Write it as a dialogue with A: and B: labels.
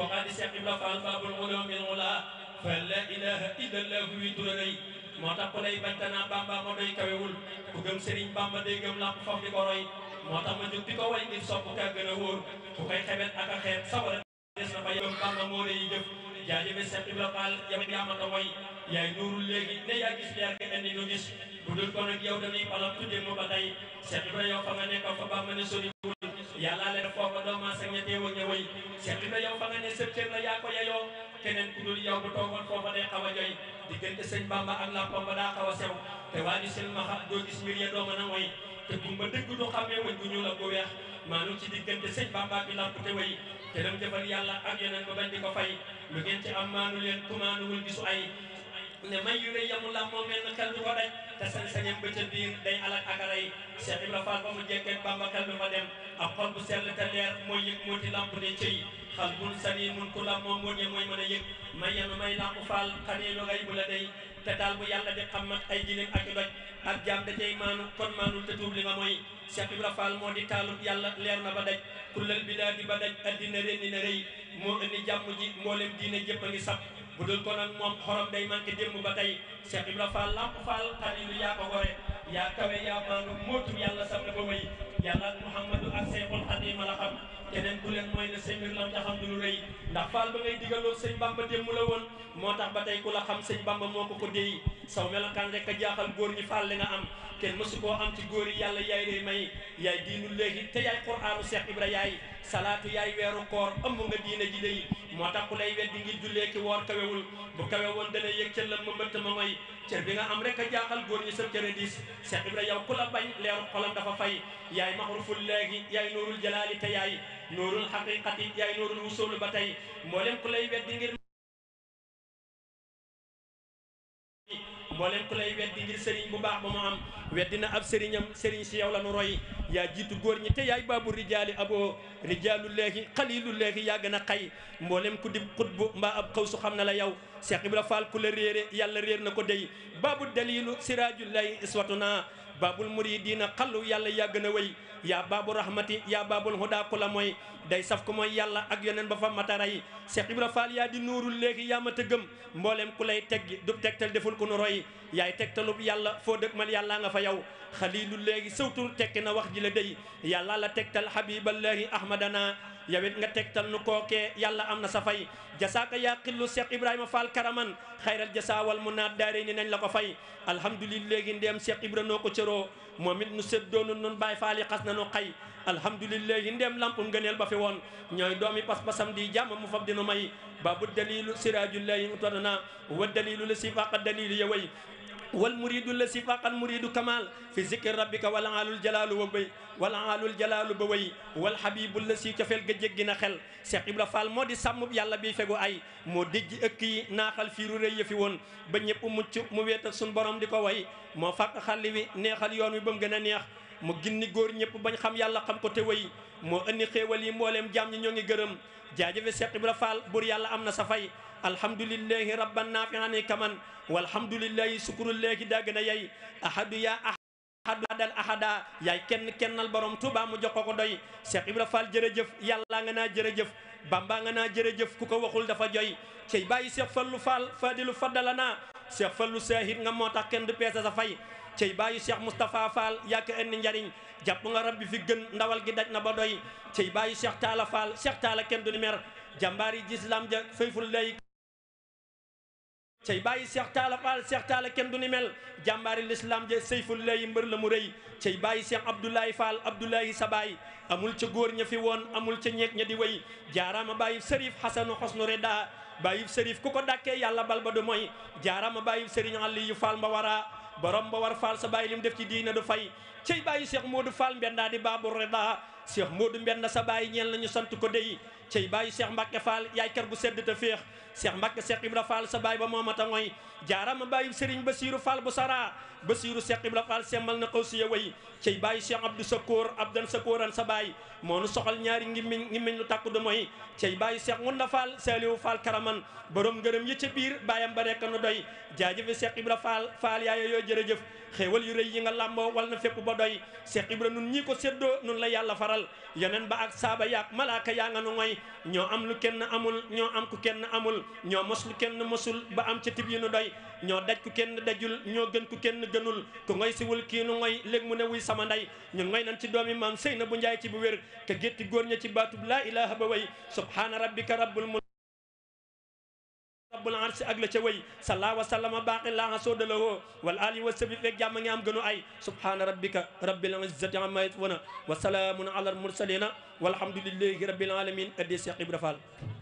A: وقد سحب فالباب العلوم العلا فلا إله إلا الله ويترني moo tax ku lay bantana bamba moo doy kawewul ku gëm sëriñ bamba day gëm làmp foofu di moo tax ma jóg di ko way ngir sopp ka gën a wóor xebet a xeeb sabara des na fa gëm bamba moo lay jëf jaajëfe Seex Ibra Faal yama yaamata way yaay nuurul léegi ne yaa gis leer ke nu gis bu dul ko nag yow dañuy palam tudde mu ba tey Seex Ibra yow fa nga nekk fa bamba ne sori yàllaa leen foofa doomaa sa ña teew ak ña wëy seetlu na yow fa nga ne sëb cër la yaa ko yayoo keneen ku dul yow bu toogoon foofa day xaw a joy diggante sëñ Bamba ak la pomba daa xaw a sew te waa silmaxa doo gis mbir dooma na mooy te gumba dëgg du xamee wëñ bu ñuul ak bu weex maanaam ci diggante sëñ Bamba bi làmp te wëy te dem jëfal yàlla ak yeneen ba bañ di ko fay lu ngeen ci am maanu leen kumaanuwul gisu ay ne may yu ne yamul te sañ-sañam ba ca biir day alal ak a rey Cheikh Ibra Fall ba mu jekkee Bamba xel du fa dem ak xol bu sell te leer mooy yëg moo di lamp ne cëy xal bul sani mun ku lam moom moo ñe mooy mën a yëg may yenu may lamp Fall xanee ngay bu la day te daal bu yàlla di xamat ay jilim ak i doj ak jaam da cay maanu kon maanul te tuub li nga mooy Cheikh Ibra Fall moo di taalub yàlla leer na ba daj kullal bi daa di ba daj addina ren ni moo indi jàmm a bu dul ko nag moom xorom day manqué démb ba tey Cheikh Ibra Fall Lamp Fall xalilu yaa ko gore yaa kawe yaa maandu mootu yàlla sam na ba wéy yàlla ak Mouhamadou ak Seexul Xadiim la xam keneen ku leen mooy ne sëñ mbir lam xam du lu rëy ndax Fall ba ngay digaloo sëñ Bamba démb la woon moo tax ba tey ku la xam sëñ Bamba moo ko ko déy saw melokaan rek a jaaxal góor ñi Fall li nga am kenn mësu koo am ci góor yi yàlla yaay réy may yaay diinu léegi te yaay quraanu Cheikh Ibra moo tax ku lay weddi ngir jullee ki woor kawewul bu kawewoon dana yëg cër ma mbëtt ma mooy cër bi nga am rek a jaaxal góor ñi sa cëre diis Cheikh Ibra yow ku la bañ leeru xolam dafa fay yaay maxruful léegi yaay nuurul jalaali te yaay nuurul xaqiqati yaay nuurul wusuulu ba tey mboolem ku lay weddi mbooleem ku lay weddi ngir sëriñ bu baax ba mu am weddi na ab sëriñam sëriñ si yow la nu roy yaa jiitu góor ñi te yaay baabu rijaali aboo rijaalullaahi xaliilullaahi yaa gën a kay mboolem ku di xutbu mbaa ab xaw su xam na la yow Cheikh Ibra Fall ku la réere yàlla réer na ko dey baabu daliilu siraajullaahi iswatuna baabul muriidiina xallu yàlla yàgg na wéy yaa baabu rahmati yaa baabul hudaa ku la mooy day saf ko mooy yàlla ak yoneen ba fa matara yi Cheikh Ibra Fall yaa di nuurul léegi yaa ma tëggam mbooleem ku lay teggi du tegtal deful ku nu roy yaay tegtalub yàlla foo dëkk mal yàllaa nga fa yow xaliilu léegi sëwtu tekki na wax ji la day yàlla la tegtal habiballahi ahmadana yawit nga tegtal nu kookee yàlla am na sa fay jasaaka yaa xillu Cheikh Ibrahima Fall karaman xayral jasa wal mu naat daare ni nañ la ko fay alhamdulilah gi ndeem Cheikh Ibra noo ko cëroo moom it nu séddoonu nun Baay Faal yi xas na nu xay alhamdulilah yi ndeem lamp ngëneel ba fi woon ñooy doomi pas-pasam di jàmm mu fab dinu may babu dalilu sirajullahi utadana wa dalilu la sifaqa dalilu ya way wal muridu la si faqal muridu kamal fi zikri rabbika wal aalul jalaalu ba bay wal aalul jalaalu ba way wal habibu la si cofeel ga jéggi na xel Cheikh Ibra Fall moo di sàmm yàlla bi fegu ay moo dijj ëkk yi naaxal fiiru rëy ya fi woon ba ñëpp mucc mu weetal sun borom di ko way moo faq xalli wi neexal yoon wi ba mu gën a neex mu ginni góor ñëpp bañ xam yàlla xam ko te way moo indi xéewal yi mbooleem jaam ñi ñoo ngi gërëm jaajëfe Cheikh Ibra faal buur yàlla am na sa fay alhamdulillahi rabban nafi'ani kaman walhamdulillahi sukurullahi dagg na yay ahadu ya ahadu adal ahada yaay kenn kennal borom Tuuba mu jox ko ko doy Cheikh Ibra Fall jërëjëf yàlla nga naa jërëjëf bamba nga naa jërëjëf ku ko waxul dafa joy cey bàyyi Cheikh Fallu Fall fadilu faddala naa Cheikh Fallu saahid nga moo tax kenn du peese sa fay cey bàyyi Cheikh Moustapha Fall yàgg indi njariñ jàpp nga rab bi fi gën ndawal gi daj na ba doy cey bàyyi Cheikh Taala Fall Cheikh kenn du ni mer jàmbaari ji islam ja fayful cey bàyyi Cheikh Talla Fall Cheikh taala kenn du ni mel jàmbaari lislaam je Seyfullahi mbër la mu rëy cey bàyyi Cheikh Abdoulaye Fall sa baay amul ca góor ña fi woon amul ca ñeeg ña di wéy jaaraama bàyyi Serif Hasanu Hosnu Reda bàyyi Serif ku ko dàkkee yàlla bal ba du mooy jaaraama bàyyi Serigne Aliou Fall Mbawara borom ba war faal sa bàyyi lim def ci diina du fay cey bàyyi Cheikh Modou Fall mbendaa di baabu reda Cheikh Modou mbenda sa bàyyi ñeel nañu sant ko dey cey bàyyi Cheikh Mbacke Fall yaay kër bu sedd te féex Cheikh Mbacke Cheikh Ibra Fall sa baay ba a ta mooy jaarama bàyyi Serigne Bassirou Fall bu sara Bassirou Cheikh Ibra Fall sembal na xaw siya way cey bàyyi Cheikh Abdou Sakoor Abdan Sakooran sa baay moo nu soxal ñaari ngimmiñ ngimmiñ lu tàkku du mooy cey bàyyi Cheikh Ngunda sa Saliou Fall karaman borom ngërëm yi ca biir bàyyam ba rekk nu doy jaajëfe Cheikh Ibra Fall Fall yaaya yoo jërëjëf xéewal yu rëy yi nga làmboo wal na fépp ba doy Cheikh Ibra nun ñi ko séddoo nun la yaa nga nu ñoo mosul kenn mosul ba am ca tib yu nu doy ñoo daj ku kenn dajul ñoo gën ku kenn gënul ku ngoy siwul kii nu ngoy léegi mu ne wuy sama nday ñun ngoy nan ci doomi maam sëy na bu njaay ci bu wér ke gétti góor ña ci baatub laa ilaha ba way subhaana rabbika rabbul mul rabbul arsi ak la ca wa sallama baaqi laa soodalawoo wal ali wa sabi fekk jàmm nga am gënu ay subhaana rabbika rabbil izzati amma yasifuna wa salaamun ala al mursalina walhamdulillahi rabbil alamin addi Cheikh Ibra Fall